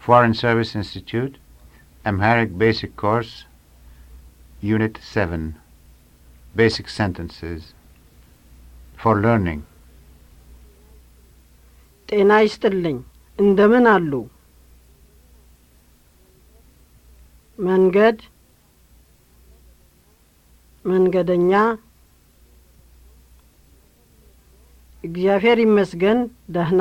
Foreign Service Institute, Amharic Basic Course, Unit 7, Basic Sentences, for Learning. ጤና ይስጥልኝ። እንደምን አሉ? መንገድ መንገደኛ እግዚአብሔር ይመስገን ደህና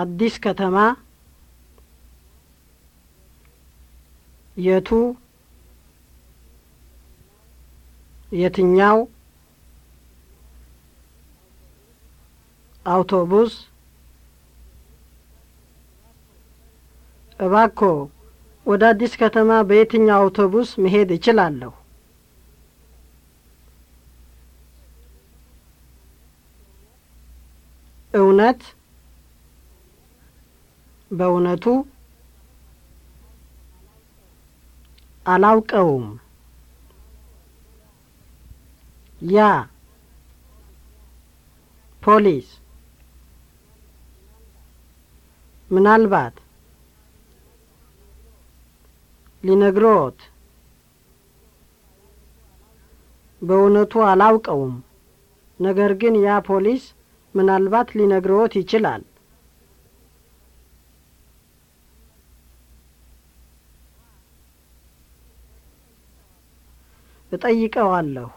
አዲስ ከተማ የቱ የትኛው አውቶቡስ እባኮ ወደ አዲስ ከተማ በየትኛው አውቶቡስ መሄድ እችላለሁ? እውነት በእውነቱ አላውቀውም። ያ ፖሊስ ምናልባት ሊነግሮት በእውነቱ አላውቀውም። ነገር ግን ያ ፖሊስ ምናልባት ሊነግሮት ይችላል። እጠይቀዋለሁ።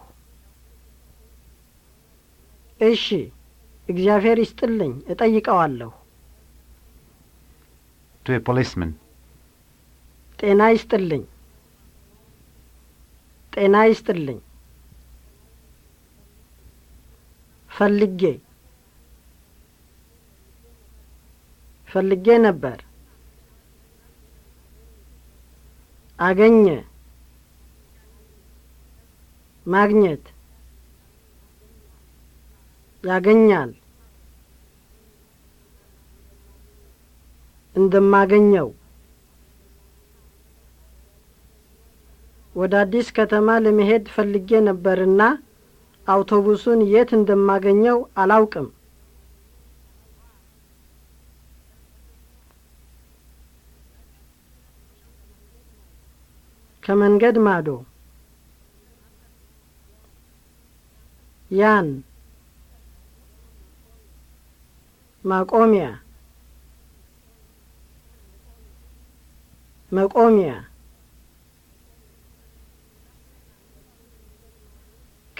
እሺ፣ እግዚአብሔር ይስጥልኝ፣ እጠይቀዋለሁ። ቱ ፖሊስመን ጤና ይስጥልኝ፣ ጤና ይስጥልኝ። ፈልጌ ፈልጌ ነበር። አገኘ ማግኘት ያገኛል እንደማገኘው ወደ አዲስ ከተማ ለመሄድ ፈልጌ ነበርና አውቶቡሱን የት እንደማገኘው አላውቅም። ከመንገድ ማዶ ያን ማቆሚያ መቆሚያ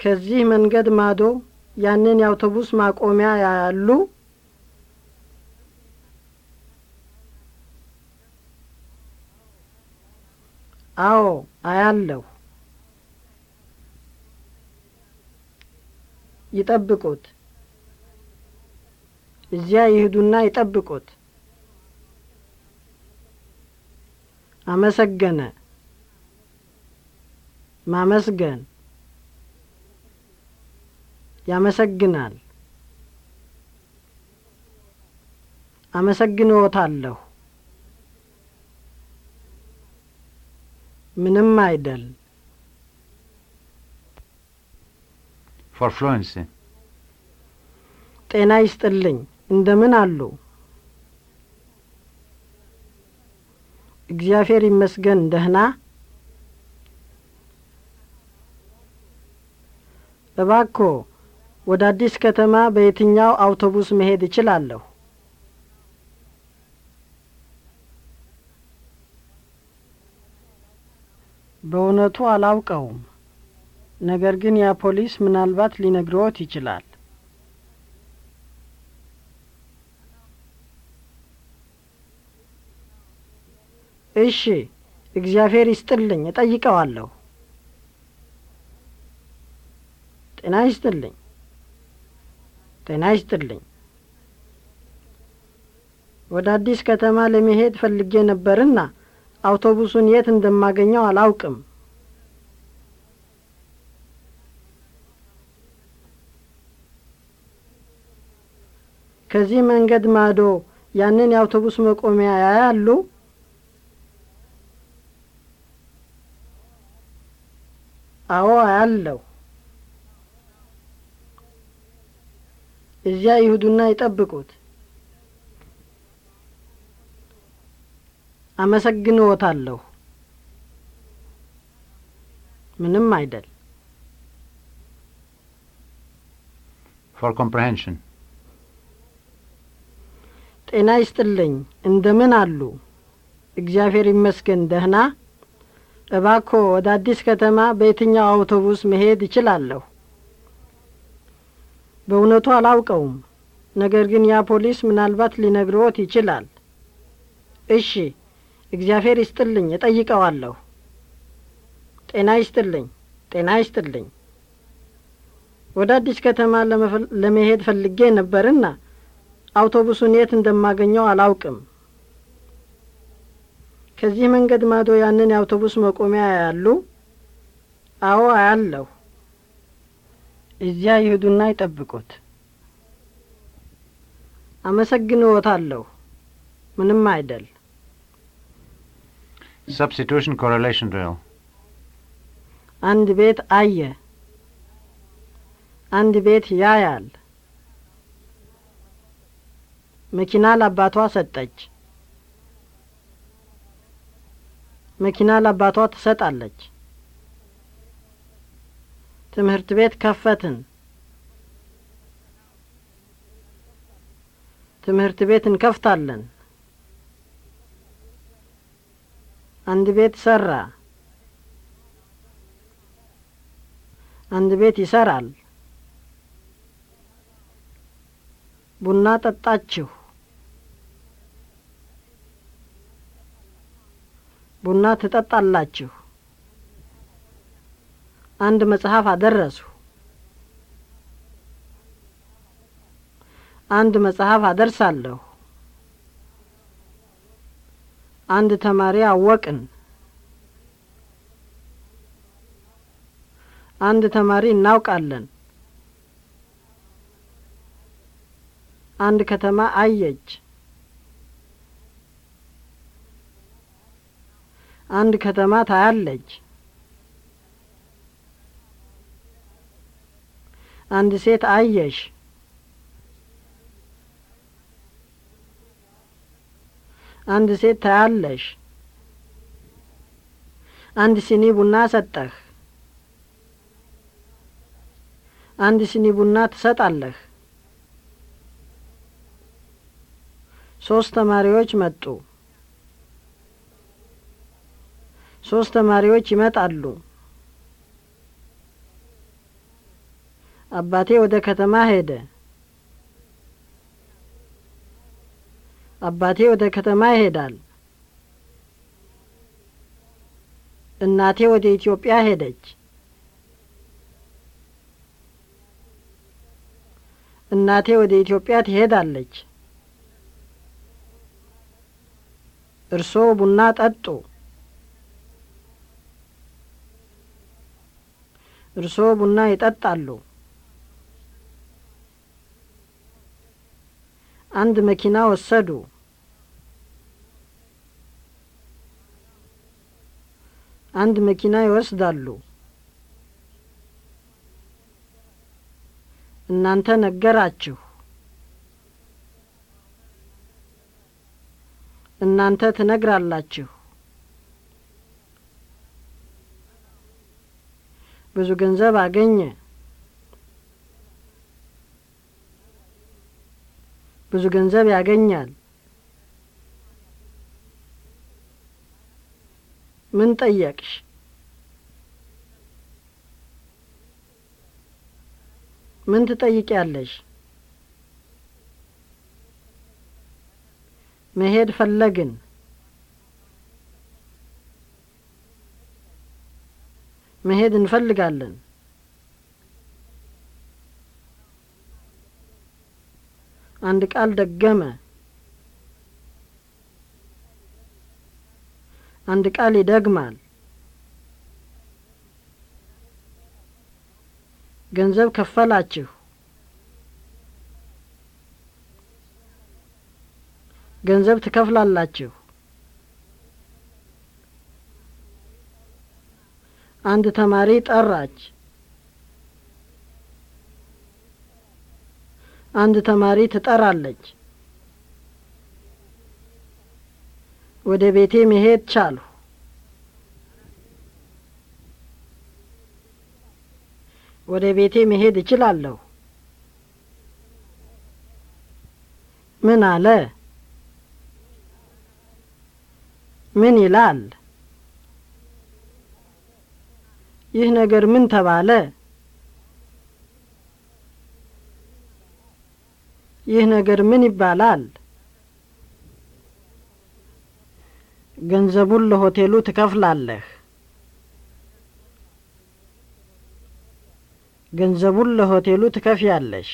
ከዚህ መንገድ ማዶ ያንን የአውቶቡስ ማቆሚያ ያሉ አዎ አያለሁ ይጠብቁት። እዚያ ይሂዱና ይጠብቁት። አመሰገነ፣ ማመስገን፣ ያመሰግናል፣ አመሰግንዎታለሁ፣ ምንም አይደል for fluency። ጤና ይስጥልኝ እንደምን አሉ? እግዚአብሔር ይመስገን ደህና። እባክዎ ወደ አዲስ ከተማ በየትኛው አውቶቡስ መሄድ እችላለሁ? በእውነቱ አላውቀውም። ነገር ግን ያ ፖሊስ ምናልባት ሊነግረዎት ይችላል። እሺ፣ እግዚአብሔር ይስጥልኝ፣ እጠይቀዋለሁ። ጤና ይስጥልኝ፣ ጤና ይስጥልኝ። ወደ አዲስ ከተማ ለመሄድ ፈልጌ ነበርና አውቶቡሱን የት እንደማገኘው አላውቅም። ከዚህ መንገድ ማዶ ያንን የአውቶቡስ መቆሚያ ያያሉ? አዎ አያለሁ። እዚያ ይሁዱና ይጠብቁት። አመሰግንዎታለሁ። ምንም አይደል። ፎር ኮምፕሬንሽን ጤና ይስጥልኝ። እንደምን አሉ? እግዚአብሔር ይመስገን ደህና። እባኮ ወደ አዲስ ከተማ በየትኛው አውቶቡስ መሄድ እችላለሁ? በእውነቱ አላውቀውም። ነገር ግን ያ ፖሊስ ምናልባት ሊነግሮት ይችላል። እሺ፣ እግዚአብሔር ይስጥልኝ፣ እጠይቀዋለሁ። ጤና ይስጥልኝ፣ ጤና ይስጥልኝ። ወደ አዲስ ከተማ ለመሄድ ፈልጌ ነበርና አውቶቡሱን የት እንደማገኘው አላውቅም። ከዚህ መንገድ ማዶ ያንን የአውቶቡስ መቆሚያ ያሉ? አዎ አያለሁ። እዚያ ይሄዱና ይጠብቁት። አመሰግንዎታለሁ። ምንም አይደል። ሰብስቲቱሽን ኮሬሌሽን ድሪል። አንድ ቤት አየ። አንድ ቤት ያያል። መኪና ለአባቷ ሰጠች። መኪና ለአባቷ ትሰጣለች። ትምህርት ቤት ከፈትን። ትምህርት ቤት እንከፍታለን። አንድ ቤት ሰራ። አንድ ቤት ይሰራል። ቡና ጠጣችሁ። ቡና ትጠጣላችሁ። አንድ መጽሐፍ አደረሱ። አንድ መጽሐፍ አደርሳለሁ። አንድ ተማሪ አወቅን። አንድ ተማሪ እናውቃለን። አንድ ከተማ አየች። አንድ ከተማ ታያለች። አንድ ሴት አየሽ። አንድ ሴት ታያለሽ። አንድ ሲኒ ቡና ሰጠህ። አንድ ሲኒ ቡና ትሰጣለህ። ሶስት ተማሪዎች መጡ። ሶስት ተማሪዎች ይመጣሉ። አባቴ ወደ ከተማ ሄደ። አባቴ ወደ ከተማ ይሄዳል። እናቴ ወደ ኢትዮጵያ ሄደች። እናቴ ወደ ኢትዮጵያ ትሄዳለች። እርስዎ ቡና ጠጡ። እርስዎ ቡና ይጠጣሉ። አንድ መኪና ወሰዱ። አንድ መኪና ይወስዳሉ። እናንተ ነገራችሁ። እናንተ ትነግራላችሁ። ብዙ ገንዘብ አገኘ። ብዙ ገንዘብ ያገኛል። ምን ጠየቅሽ? ምን ትጠይቂያለሽ? መሄድ ፈለግን። መሄድ እንፈልጋለን። አንድ ቃል ደገመ። አንድ ቃል ይደግማል። ገንዘብ ከፈላችሁ። ገንዘብ ትከፍላላችሁ። አንድ ተማሪ ጠራች። አንድ ተማሪ ትጠራለች። ወደ ቤቴ መሄድ ቻልሁ። ወደ ቤቴ መሄድ እችላለሁ። ምን አለ? ምን ይላል? ይህ ነገር ምን ተባለ? ይህ ነገር ምን ይባላል? ገንዘቡን ለሆቴሉ ትከፍላለህ። ገንዘቡን ለሆቴሉ ትከፍያለሽ።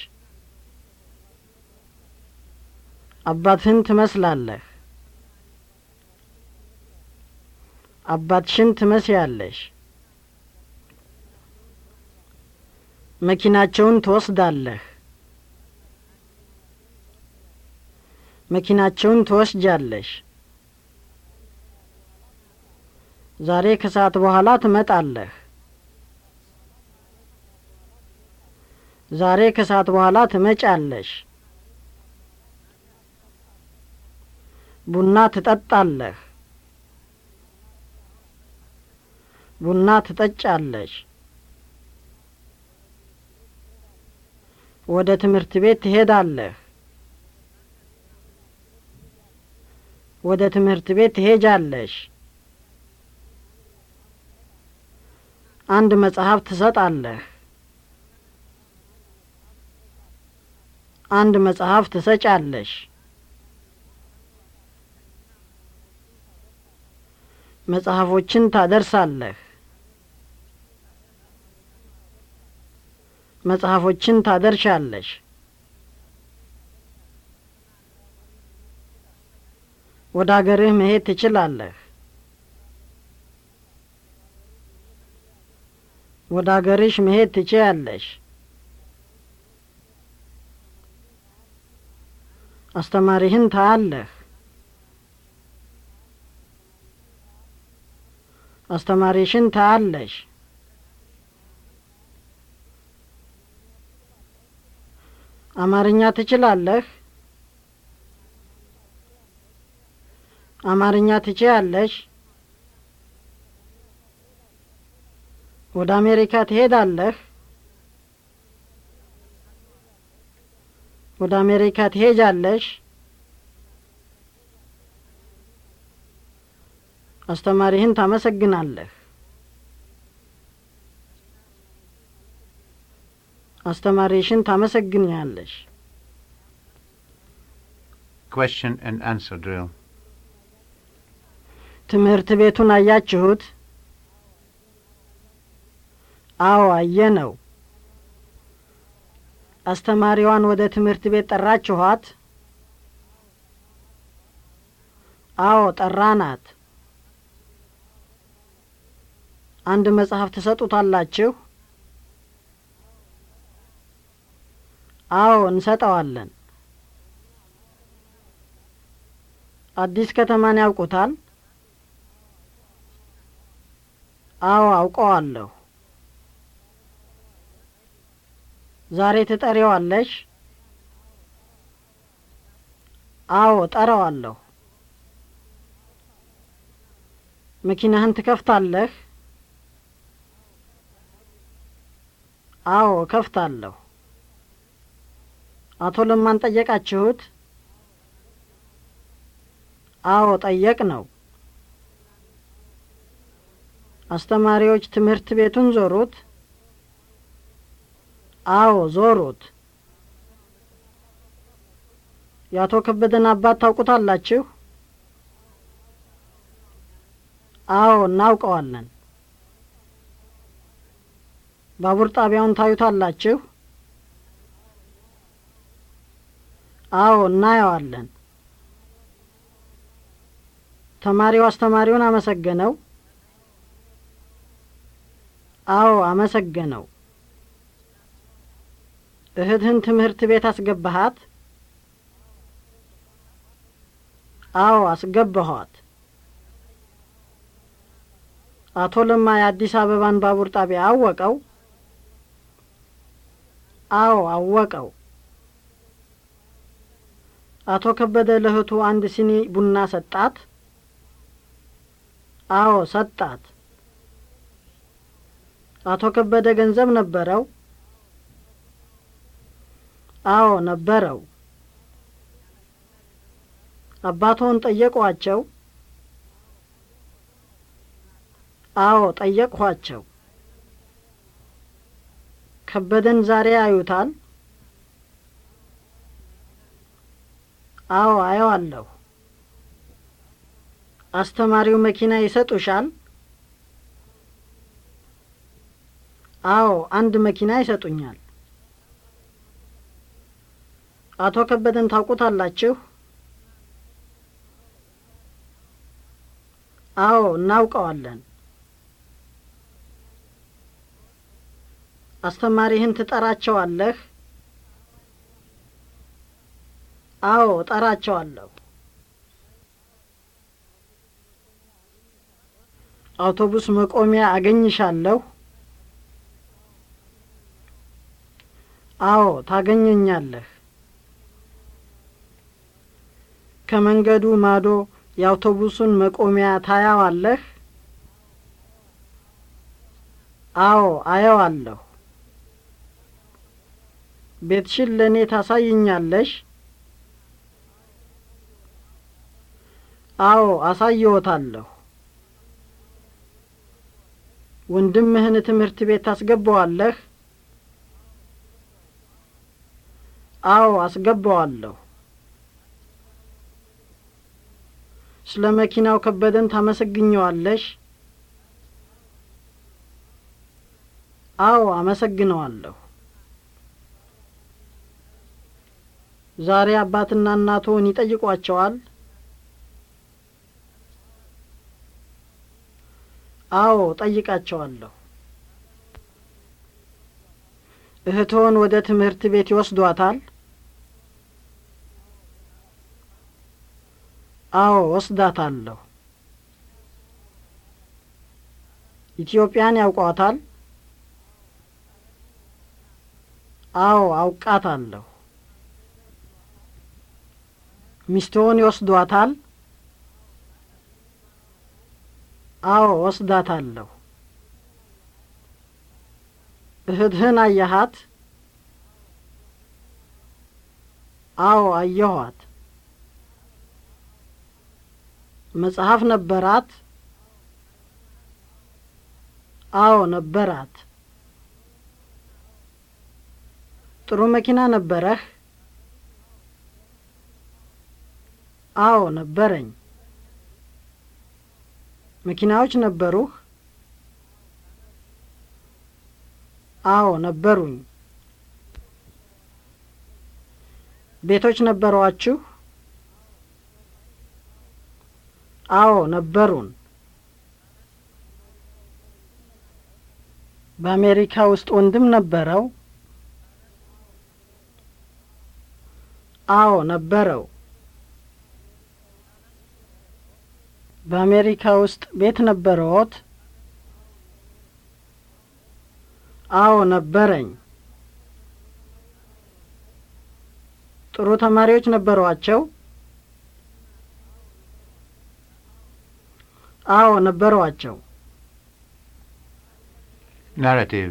አባትህን ትመስላለህ። አባትሽን ትመስያለሽ። መኪናቸውን ትወስዳለህ። መኪናቸውን ትወስጃለሽ። ዛሬ ከሰዓት በኋላ ትመጣለህ። ዛሬ ከሰዓት በኋላ ትመጫለሽ። ቡና ትጠጣለህ። ቡና ትጠጫለሽ። ወደ ትምህርት ቤት ትሄዳለህ። ወደ ትምህርት ቤት ትሄጃለሽ። አንድ መጽሐፍ ትሰጣለህ። አንድ መጽሐፍ ትሰጫለሽ። መጽሐፎችን ታደርሳለህ። መጽሐፎችን ታደርሻለሽ። ወደ አገርህ መሄድ ትችላለህ። ወደ አገርሽ መሄድ ትችያለሽ። አስተማሪህን ታያለህ። አስተማሪሽን ታያለሽ። አማርኛ ትችላለህ? አማርኛ ትችያለሽ? ወደ አሜሪካ ትሄዳለህ? ወደ አሜሪካ ትሄጃለሽ? አስተማሪህን ታመሰግናለህ። አስተማሪሽን ታመሰግኛለሽ። question and answer drill ትምህርት ቤቱን አያችሁት? አዎ አየነው። አስተማሪዋን ወደ ትምህርት ቤት ጠራችኋት? አዎ ጠራናት። አንድ መጽሐፍ ትሰጡታላችሁ? አዎ እንሰጠዋለን። አዲስ ከተማን ያውቁታል? አዎ አውቀዋለሁ። ዛሬ ትጠሪዋለሽ? አዎ ጠረዋለሁ መኪናህን ትከፍታለህ? አዎ እከፍታለሁ። አቶ ለማን ጠየቃችሁት? አዎ ጠየቅ ነው። አስተማሪዎች ትምህርት ቤቱን ዞሩት? አዎ ዞሩት። የአቶ ከበደን አባት ታውቁታላችሁ? አዎ እናውቀዋለን። ባቡር ጣቢያውን ታዩታላችሁ? አዎ እናየዋለን። ተማሪው አስተማሪውን አመሰገነው። አዎ አመሰገነው። እህትህን ትምህርት ቤት አስገባሃት? አዎ አስገባኋት። አቶ ለማ የአዲስ አበባን ባቡር ጣቢያ አወቀው? አዎ አወቀው። አቶ ከበደ ለእህቱ አንድ ሲኒ ቡና ሰጣት? አዎ ሰጣት። አቶ ከበደ ገንዘብ ነበረው? አዎ ነበረው። አባቶን ጠየቋቸው? አዎ ጠየቅኋቸው። ከበደን ዛሬ ያዩታል? አዎ አየዋለሁ። አስተማሪው መኪና ይሰጡሻል? አዎ አንድ መኪና ይሰጡኛል። አቶ ከበደን ታውቁታላችሁ? አዎ እናውቀዋለን። አስተማሪህን ትጠራቸዋለህ? አዎ ጠራቸዋለሁ። አውቶቡስ መቆሚያ አገኝሻለሁ? አዎ ታገኘኛለህ። ከመንገዱ ማዶ የአውቶቡሱን መቆሚያ ታያዋለህ? አዎ አየዋለሁ። ቤትሽን ለእኔ ታሳይኛለሽ? አዎ አሳየዎታለሁ። ወንድምህን ትምህርት ቤት ታስገባዋለህ? አዎ አስገባዋለሁ። ስለ መኪናው ከበደን ታመሰግኘዋለሽ? አዎ አመሰግነዋለሁ። ዛሬ አባትና እናቶን ይጠይቋቸዋል? አዎ ጠይቃቸዋለሁ። እህቶን ወደ ትምህርት ቤት ይወስዷታል? አዎ ወስዳታለሁ። ኢትዮጵያን ያውቋታል? አዎ አውቃታለሁ። ሚስቶን ይወስዷታል? አዎ ወስዳታለሁ። እህትህን አየሃት? አዎ አየኋት። መጽሐፍ ነበራት? አዎ ነበራት። ጥሩ መኪና ነበረህ? አዎ ነበረኝ። መኪናዎች ነበሩህ? አዎ ነበሩኝ። ቤቶች ነበሯችሁ? አዎ ነበሩን። በአሜሪካ ውስጥ ወንድም ነበረው? አዎ ነበረው። በአሜሪካ ውስጥ ቤት ነበረዎት? አዎ ነበረኝ። ጥሩ ተማሪዎች ነበሯቸው? አዎ ነበሯቸው። ናራቲቭ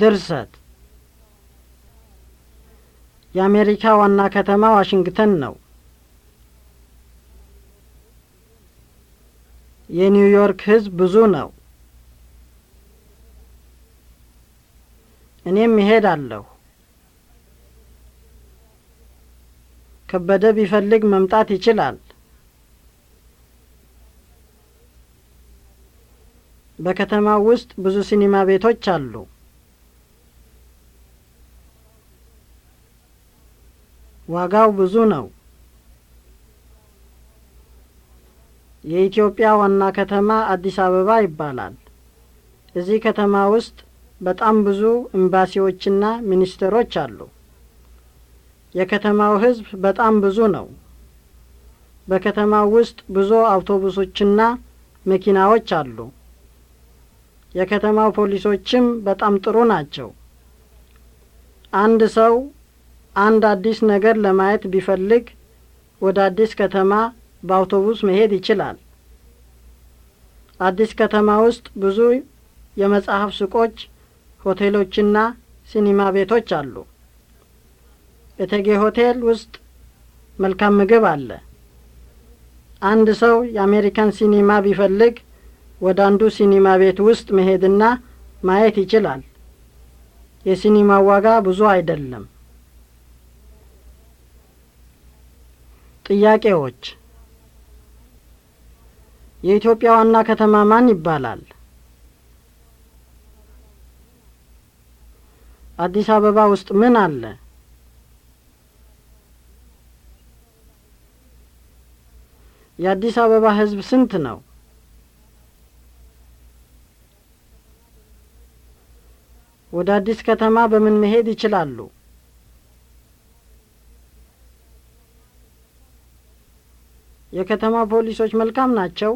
ድርሰት የአሜሪካ ዋና ከተማ ዋሽንግተን ነው። የኒውዮርክ ህዝብ ብዙ ነው። እኔም እሄዳለሁ። ከበደ ቢፈልግ መምጣት ይችላል። በከተማው ውስጥ ብዙ ሲኒማ ቤቶች አሉ። ዋጋው ብዙ ነው። የኢትዮጵያ ዋና ከተማ አዲስ አበባ ይባላል። እዚህ ከተማ ውስጥ በጣም ብዙ ኤምባሲዎችና ሚኒስቴሮች አሉ። የከተማው ሕዝብ በጣም ብዙ ነው። በከተማው ውስጥ ብዙ አውቶቡሶችና መኪናዎች አሉ። የከተማው ፖሊሶችም በጣም ጥሩ ናቸው። አንድ ሰው አንድ አዲስ ነገር ለማየት ቢፈልግ ወደ አዲስ ከተማ በአውቶቡስ መሄድ ይችላል። አዲስ ከተማ ውስጥ ብዙ የመጽሐፍ ሱቆች፣ ሆቴሎችና ሲኒማ ቤቶች አሉ። እቴጌ ሆቴል ውስጥ መልካም ምግብ አለ። አንድ ሰው የአሜሪካን ሲኒማ ቢፈልግ ወደ አንዱ ሲኒማ ቤት ውስጥ መሄድና ማየት ይችላል። የሲኒማ ዋጋ ብዙ አይደለም። ጥያቄዎች የኢትዮጵያ ዋና ከተማ ማን ይባላል? አዲስ አበባ ውስጥ ምን አለ? የአዲስ አበባ ሕዝብ ስንት ነው? ወደ አዲስ ከተማ በምን መሄድ ይችላሉ? የከተማ ፖሊሶች መልካም ናቸው?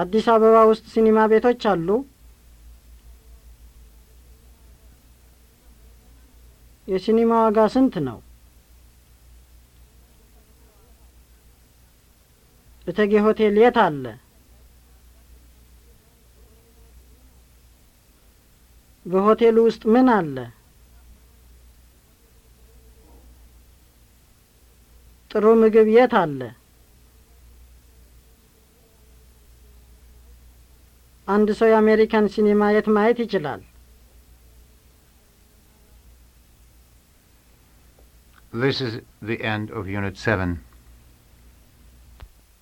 አዲስ አበባ ውስጥ ሲኒማ ቤቶች አሉ? የሲኒማ ዋጋ ስንት ነው? እቴጌ ሆቴል የት አለ? በሆቴሉ ውስጥ ምን አለ? ጥሩ ምግብ የት አለ? አንድ ሰው የአሜሪካን ሲኒማ የት ማየት ይችላል? This is the end of Unit 7.